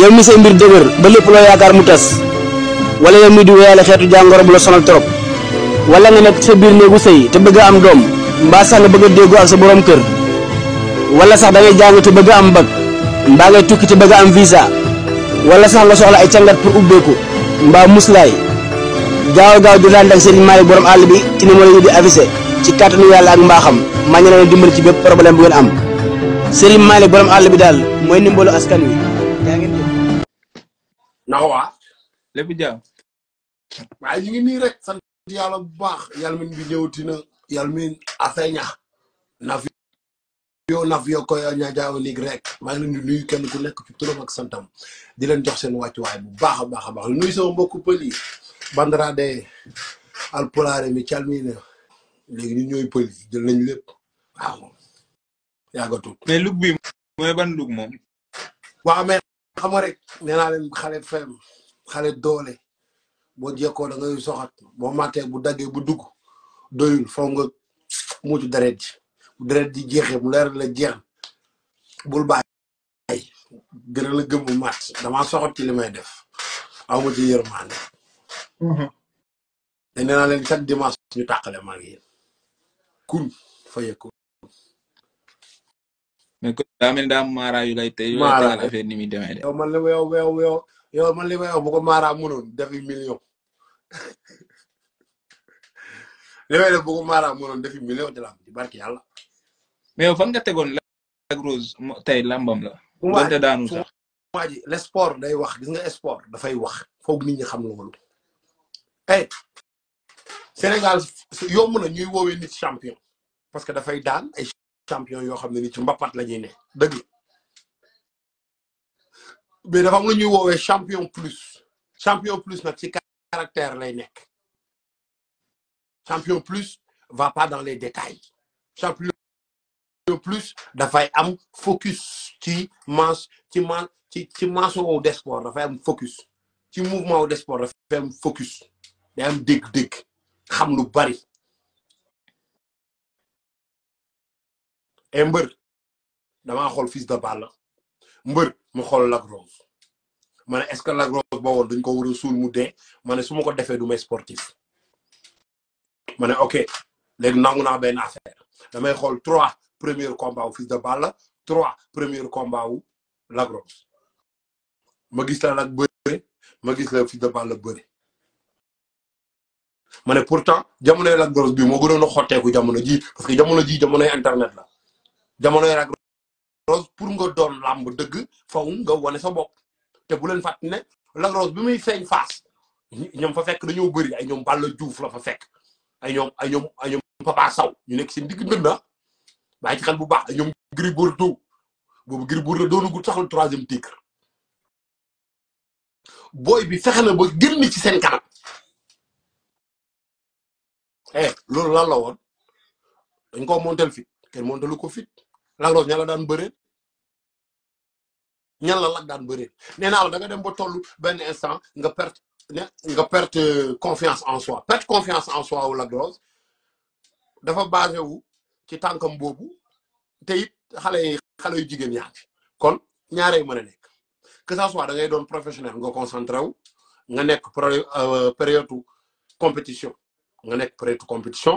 yow mi sey mbir deuguer ba lepp lo yaakar mu tass wala yow mi di wéyale xeetu jangoro bu la sonal torop wala nga nek sa bir neegu sey te bëgg am dom mba sax nga bëgg ak sa borom kër wala sax da ngay te bëgg am mba ngay tukki te bëgg am visa wala sax la soxla ay cangat pour ubbeeku mba muslay gaaw gaaw di daan ak avise, Maalik borom all bi ci ni mo la di avisé ci katanu yalla ak mbaxam ma ngi leen ci bëpp problème bu ngeen am sëriñ malik borom àll bi daal mooy askan wi. yaa ngi nii. naka waa. rek sant yàlla bu baax yàlla min bi ñëwti na yàlla min afeña naf yo naf yo koy ñaajaaw lig rek maa ngi leen di nuyu kenn ku nekk ci turam ak santam di leen jox seen wàccuwaay bu baax a baax a baax nuyu sama mbokku pël yi bandarade alpulaare mi calmine léegi ñu ñooy pël yi jël nañ lépp xam nga rek nee naa leen xale fem xale doole boo jekkoo da ngay soxat boo màttee bu dage bu dugg doyul foog nga mucc deret ji bu deret mu leer la jeex bul bàyyi gën a la gëm bu màtt li may def aw ma ci yërmande mhm. te nee chaque dimanche ñu tàqale maa ngi fa yëkkul mais ko daa mel daa maara yu lay tey. maara affaire ni muy demee de. yow man li ma yow yow yow man li ma yow bu ko maara mënoon defi million. li may def bu ko maara mënoon defi million de la am ci barke yàlla. mais yow fan nga tegoon Lac Rose tey lambam la. donte daanu sax waa ji le sport day wax gis nga sport dafay wax foog nit ñi xam loolu. hey eh, Sénégal yomb na ñuy woowee nit champion parce que dafay daan ay. champion yo xamné ci mbapat mais dafa champion plus champion plus caractère lay champion plus va pas dans les détails champion plus fay am focus ci manche ci man ci ci manche au sport fay am focus ci mouvement au focus da am bari et eh, mbër damaa xool fils de Balla mbër mu xool la Rose ma ne est-ce que Lac Rose ba woon dañ ko war a suul mu de ma ne su ko defee du may sportif ma ne ok léegi nangu naa ben affaire damay xool trois premiers combats wu fils de Balla trois premiers combats wu Lac Rose ma gis la nag bëre ma gis la fils de Balla bëre ma ne pourtant jamonoy Lac Rose bi moo gënoon a xotteeku jamono ji parce que jamono ji jamonoy internet la jamonoy Lac Rose pour nga doon làmb dëgg faw nga wane sa bopp te bu leen fàtt ne Lac Rose bi muy feeñ faas ñoom fa fekk dañoo bëri ay ñoom Balla la fa fekk ay ñoom ay ñoom ay ñoom Papa ñu nekk seen digg ndënd na ah. bàyyi ci xel bu baax ay ñoom Gris Bordeaux boobu Gris Bordeaux doonagul sax le bi fexe na ba génn ci seen kanam eh loolu lan la woon dañ koo montel fit kenn montelu ko fit La Rose ñala la daan bëreel ñala la daan n'a pas la da nga dem ba tollu ben instant nga perte nga perte confiance en soi perte confiance en soi ou la Rose dafa basé wu ci tankam te it xalé yi de yaa kon ñaaray mëna que ça soit da ngay doon professionnel nga concentré nga nek euh, période compétition nga nek période compétition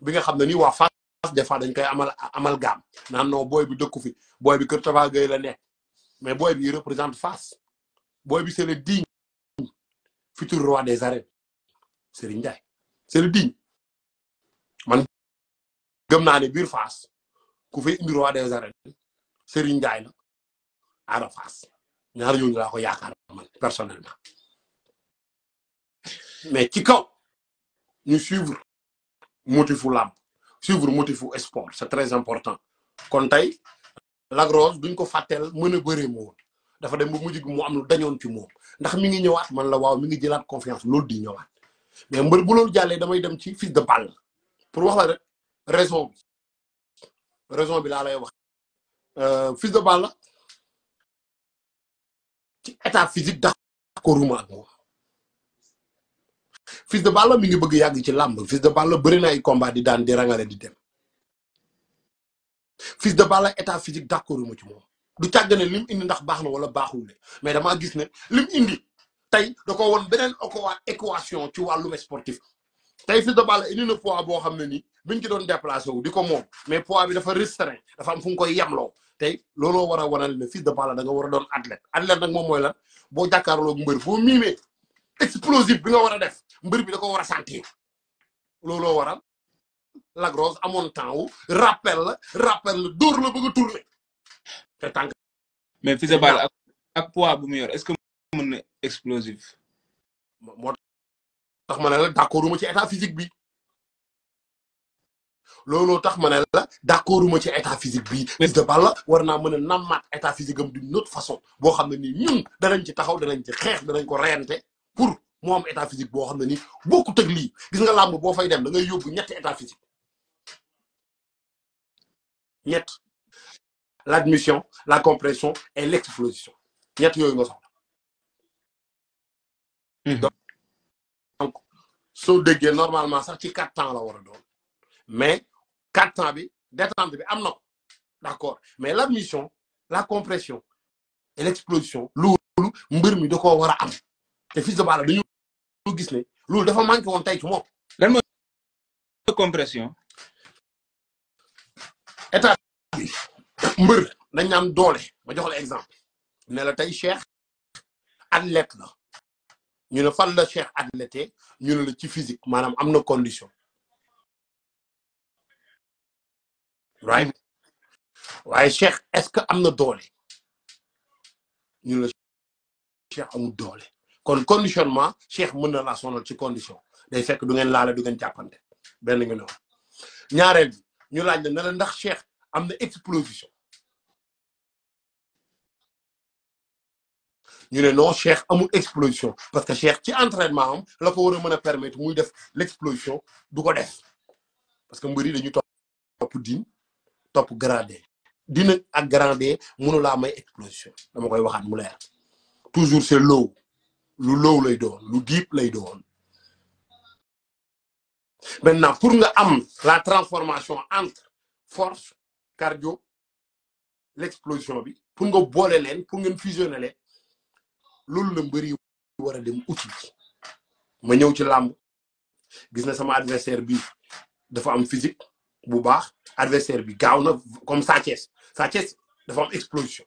bi nga xam ne nii waa Fass des fois dañ koy amal amal gaam naan non booy bi dëkku fi booy bi Kër Tafa Gueye la nekk mais booy bi représente fas booy bi c'est le digne futur roi des arènes Serigne Ndiaye c'est digne man gëm naa ne biir Fass ku fay indi roi des arènes Serigne Ndiaye la Ada Fass ñaar ñooñu ko yaakaar man personnellement mais ci kaw ñu vous Lab, suivre pour sport c'est très important kon tay la grosse duñ ko fatel meuna beure mo dafa dem bu mujj am lu ci ndax mi ngi la waaw confiance loolu mais mbeur bu lool jallé damay dem ci fils de balle pour wax la raison raison bi la lay euh, fils de balle état physique Fils de Balla mi ngi bëgg yàgg ci làmb Fils de Balla bëri ay combat di daan di rangale di dem Fils de Balla état physique d'accord ma ci moom du càgg ne lim indi ndax baax na wala baaxul ne mais damaa gis ne lim indi tey da ko woon beneen équation ci wàllum sportif tey Fils de Balla indi na poids boo xam ne nii biñ ci doon déplacé wu di ko moom mais poids bi dafa restreint dafa am fu nga koy yemloo tey looloo war a wanal ne Fils de Balla da nga war a doon athlète athlète nag moom mooy lan boo jàkkaarloog mbër foo miimee explosif bi nga war a def mbër bi da ko war a sentir looloo waral Lac Rose amoon temps wu rappel la rappel la dóor la bëgg a tourner te mais fi de Balla ak pois bu mu est-ce que mën na explosif moo tax ma ne la d'accorduma ci état physique bi looloo tax ma ne la d'accorduma ci état physique bi Fils de Balla war naa mën a nammaat état physique am façon boo xam ne nii ñun danañ ci taxaw danañ ci xeex danañ ko reyante pour l'admission, am état physique l'explosion. xamné ni l'admission la compression et l'explosion ñet mhm. donc normalement ça, ci quatre temps mais quatre temps bi bi d'accord mais l'admission la compression et l'explosion Fils de gis ne loolu dafa manqué woon tey ci compression. état mbër dañ doole ba jox la exemple ne la tey Cheikh athlète la ñu ne fan la Cheikh athlète ñu ci physique maanaam am na condition. right waaye Cheikh est-ce que am na doole ñu ne la doole. kon conditionnement Cheikh mën na la sonal ci condition day fekk du ngeen laale du ngeen jàppante benn nga noonu ñaareel bi ñu laaj na la ndax Cheikh am na explosion ñu ne non Cheikh amul explosion parce que Cheikh ci entraînement am la ko war a mën a permettre muy def l'explosion du ko def parce que mbir yi dañu topp din topp gradé dina ak gradé mënu laa may explosion dama koy waxaat mu leer toujours c'est l'eau lu low lay doon lu deep lay doon maintenant pour nga am la transformation entre force cardio l'explosion bi pour nga boole leen pour ngeen fusionner leen loolu la mbëri war a dem outil ma ñëw ci làmb gis na sama adversaire bi dafa am physique bu baax adversaire bi gaaw na comme Sa Thiès Sa dafa am explosion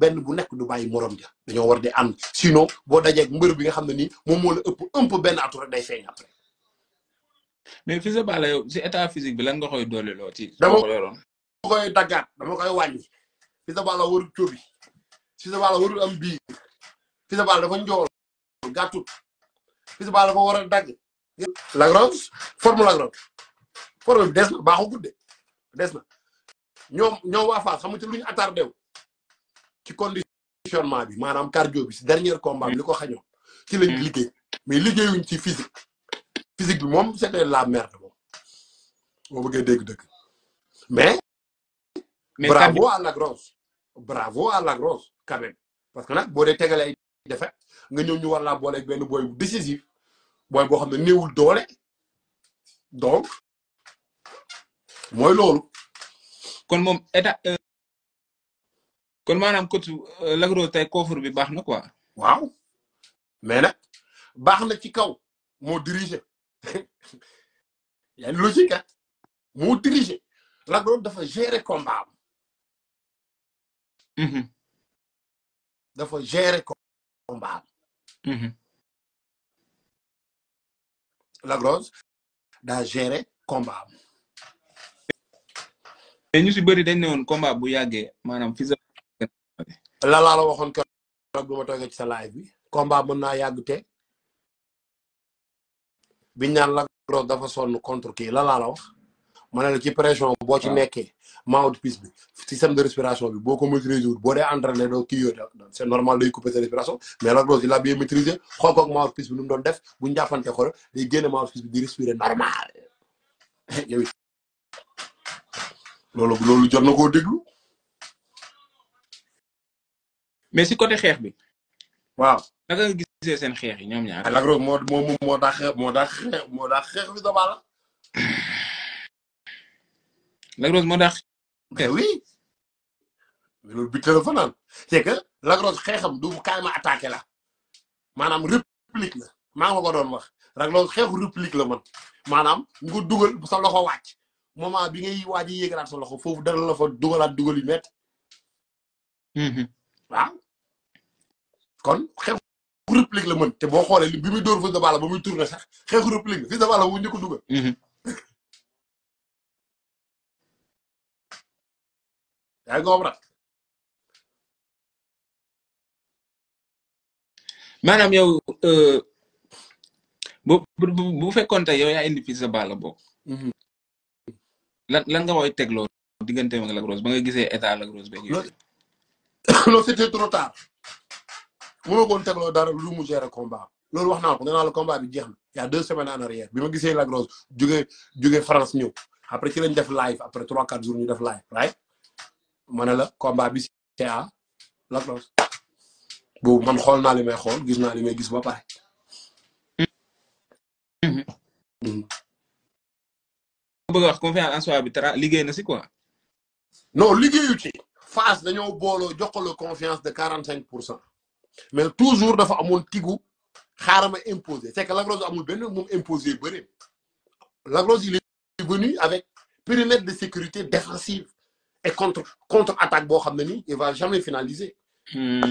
benn bu nekk du bàyyi moroom ja dañoo war di ànd sinon boo dajee mbër bi nga xam ne ni moom moo la ëpp un peu benn atu rek day feeñ après. mais Fils de si état physique bi lan nga koy doole loo ci. dama koy daggaat dama koy wàññi. Fils de Balla warul cóobi. Fils warul am biir. Fils de Balla dafa njool gàttut. Fils de Balla dafa war a dagg. Lac Rose forme Lac Rose forme bi des na baaxu na ñoom ñoom waa Fass xam nga ci lu wu ci conditionnement bi manam cardio bi si dernier combat liko li ci lañ hmm. liggéey mais liggéeyuñ ci physique physique bi mom c'était la merde moom moo bëggee dégg-dëgg mais bravo à la grosse bravo à la grosse quand même parce que a boo dee tegale ay nga ñëw ñu war la bolé benn booy bu décisif boy boo xamné ne néewul donc moy loolu kon mom état euh, kon maanaam coach euh, Lac Rose tey bi baax na quoi. waaw mais nag baax na ci kaw moo dirigé yaa logique ah moo dirigé Lac dafa gérer combat am. Mhm. dafa gérer combat am. Mhm. Lac Rose daa bari combat am. mais dañ ne woon combat bu yàggee maanaam fii la laa la waxoon keroog bi ma toogee ci sa live bi combat mën naa yàgg te biñ naan la gros dafa sonn contre kii la laa la wax ma ne la ci pression boo ci nekkee mouthpiece bi système de respiration bi boo ko maîtriser wul boo dee entraîné doo kii yooyu c'est normal day couper sa respiration mais la gros il a bien maîtrisé xool koog mouthpiece bi nu mu doon def buñ jàppante xool day génne mouthpiece bi di respirer normal loolu loolu jot na koo déglu mais si côté xeex bi. waaw naka nga gisee seen xeex yi ñoom ñaar. Lac Rose moo moo moo daa xeex moo daa xeex moo daa xeex bi Tapha Tine. moo daa xeex. oui loolu bi téléphone am c'est xeexam du kaay ma attaqué la maanaam réplique na maa nga ko doon wax Lac Rose xeexu réplique la man maanaam nga dugal sa loxo wàcc moment bi ngay waaj a yéegalaat sa loxo foofu dara la fa dugalaat dugal yu métti. Mhm. waaw ah. kon xeexu réplique la mën te boo xoolee bi muy dóor Fils de Balla ba muy tourné sax xeexu réplique Fils de Balla ñu ko dugal. Mhm. yaa ngi maanaam yow euh, bu bu bu fekkoon tey yow yaa indi Fils bo Balla bokk. Mhm. lan lan nga koy tegloo digganteem ak Lac Rose ba nga gisee état Lac Rose loolu c'était trop tard mënoo koon tegloo dara lu mu gérer combat loolu wax naa ko nee naa la combat bi jeex na a deux semaines en arrière bi ma gisee Lac Rose jóge jóge France ñëw après ci lañ def live après trois quatre jours ñu def live right ma ne la combat bi c'est à Lac man xool naa li may xool gis naa li may gis ba pare mm-hmm. Mm-hmm. bëgg wax confiance en soi bi liggéey na si quoi non liggéeyu ci Face dañoo booloo jox la confiance de 45%. mais toujours dafa amoon tigu xaaral ma imposé c'est que la grosse amul ben moom imposé bëri Lac Rose il est venu avec périmètre de sécurité défensive et contre contre attaque bo xam ni il va jamais finaliser. na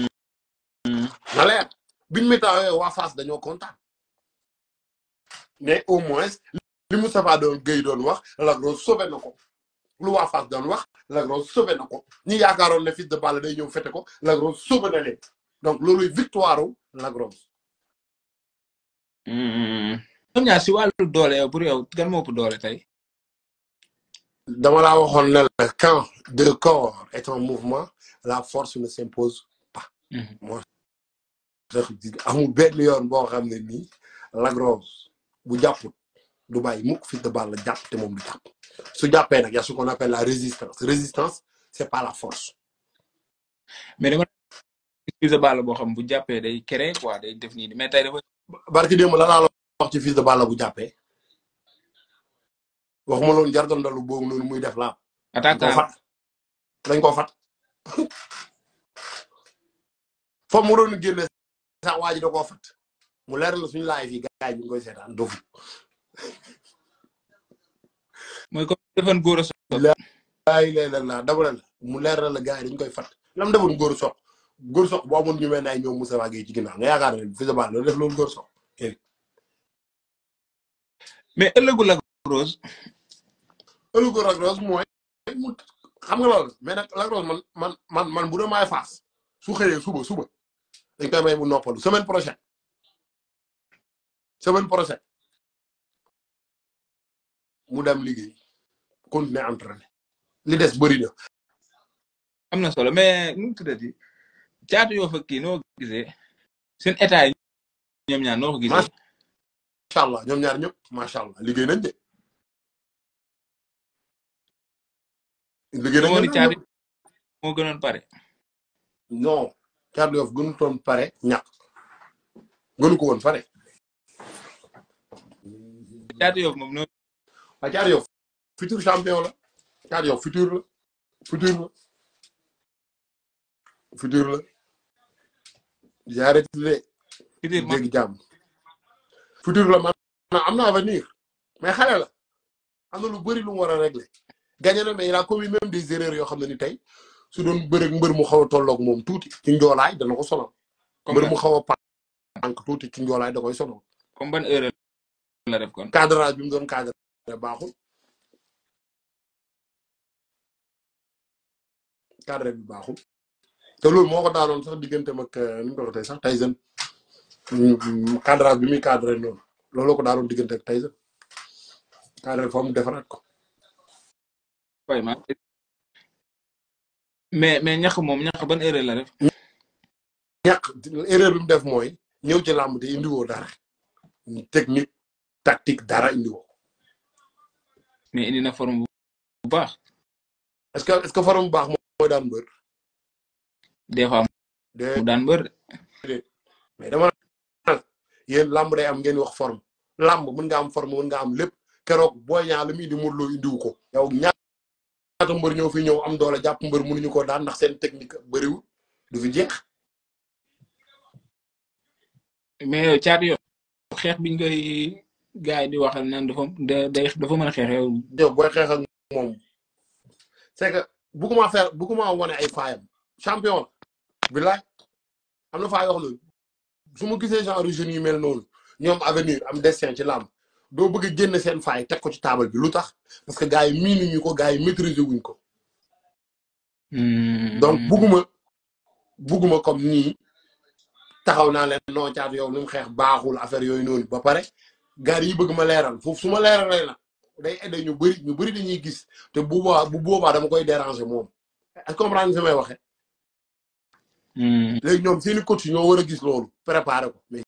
hmm. leer biñ météo waa face dañoo contact. mais au moins li Moustapha doon Guèye doon wax la grosse sauvé na loua waa Fass wax la grosse sauvé nako ni ñi Fils de balle day ñëw fete ko la grosse sauvé donc looluy victoire la grosse. hmm ñoom ñaar si wàllu doole yow pour yow kan moo ëpp doole tey dama la waxoon le quand deux corps est en mouvement la force ne s'impose pas hmm. Moi, tax amul benn yoon bo xamné ni la grosse bu du bàyyi mukk fils de balle la jàpp te moom du jàpp su jàppee nag y a ce qu'on la résistance résistance c'est pas la force. mais dama fils de balle boo xam bu jàppee day créer quoi de def nii mais tey dafa. barki démb la laa la wax de balle bu jàppee waxuma loon muy def laa. attaque fat dañ koo mu doon génne sax waa ji da fat mu leer na suñu laay fii gars yi ñu ngi seetaan doofu. mooy ko defoon góor a soq. naa dama la mu leer la gars yi dañu koy fat lam defoon góor a soq góor soq boo amoon ñu mel ne ay ñoom Moussa Gueye ci ginnaaw nga yaakaar ne Fils de Balla loolu def loolu góor soq. mais ëllëgu Lac Rose. ëllëgu Lac Rose mooy xam nga loolu mais nag Rose man man man man bu doon maay faas su xëyee suba suba dañ koy may mu semaine prochaine semaine prochaine. mu dam liggéey continuer entraîner li des bëri na. am na solo mais nu mu tuddati caatu yoo fa kii noo seen état yi ñoom ñaar noo ko gisee. allah ñoom ñaar ñëpp macha allah liggéey nañ de. liggéey nañ de caatu moo gënoon pare. non caatu yoo fa gënutoon pare ñàkk gënu Dakar yow futur champion la Dakar yow futur la futur la futur la na avenir mais xale la am na lu bëri lu mu war a régler gagné na mais il a commis même des erreurs yoo xam ne ni tey su doon bëreeg mu xaw a tolloog moom tuuti ci njoolaay dana ko sonal mbër mu xaw a pànk tuuti ci njoolaay da koy sonal comme baaxul cadre bi baaxul te loolu moo ko daanoon sax digganteem ak euh, ni ñu ko waxee sax Tyson mm, cadrage bi muy cadré noonu looloo ko daanoon diggante ak Tyson cadre fa mu defaraat ko. Eh, mais mais ñax moom ñax ban erreur la def. ñax erreur bi mu def mooy ñëw ci làmb te indiwoo dara technique tactique dara indiwoo. mais indi na forme bu baax. est-ce que est-ce que forme bu baax mooy daan mbër. des fois mu daan mbër. mais dama naan yéen làmb day am ngeen wax forme làmb mën nga am forme mën nga am lépp keroog booy ñaa lu muy di Modou Lo indiwu ko. yow ñaata mbër ñoo fi ñëw am doole jàpp mbër mënuñu ko daan ndax seen technique bëriwul du fi jeex. mais caat euh, yow xeex bi ngay gaa yi di waxal naan dafa day dafa mën a xeex yow. yow booy xeex ak moom c'est que bëgguma faire bëgguma wane ay faayam champion bilaay am na faa yoo xam ne su ma gisee genre jeunes yu mel noonu ñoom avenir am destin ci làmb doo bëgg a génn seen faay teg ko ci taabal bi lu tax parce que gars yi miinuñu ko gars yi maîtriser wuñ ko. Hmm. donc bëgguma bëgguma comme ni taxaw naa leen noo caat yow ni xeex baaxul affaire yooyu noonu ba pare. gaar yi bëgg ma leeral foofu su ma leeralee nag day aidé ñu bëri ñu bëri dañuy gis te bu boobaa bu boobaa dama koy déranger moom est comprendre fi may waxee. Hmm. léegi ñoom seeni coach ñoo war a gis loolu préparer ko.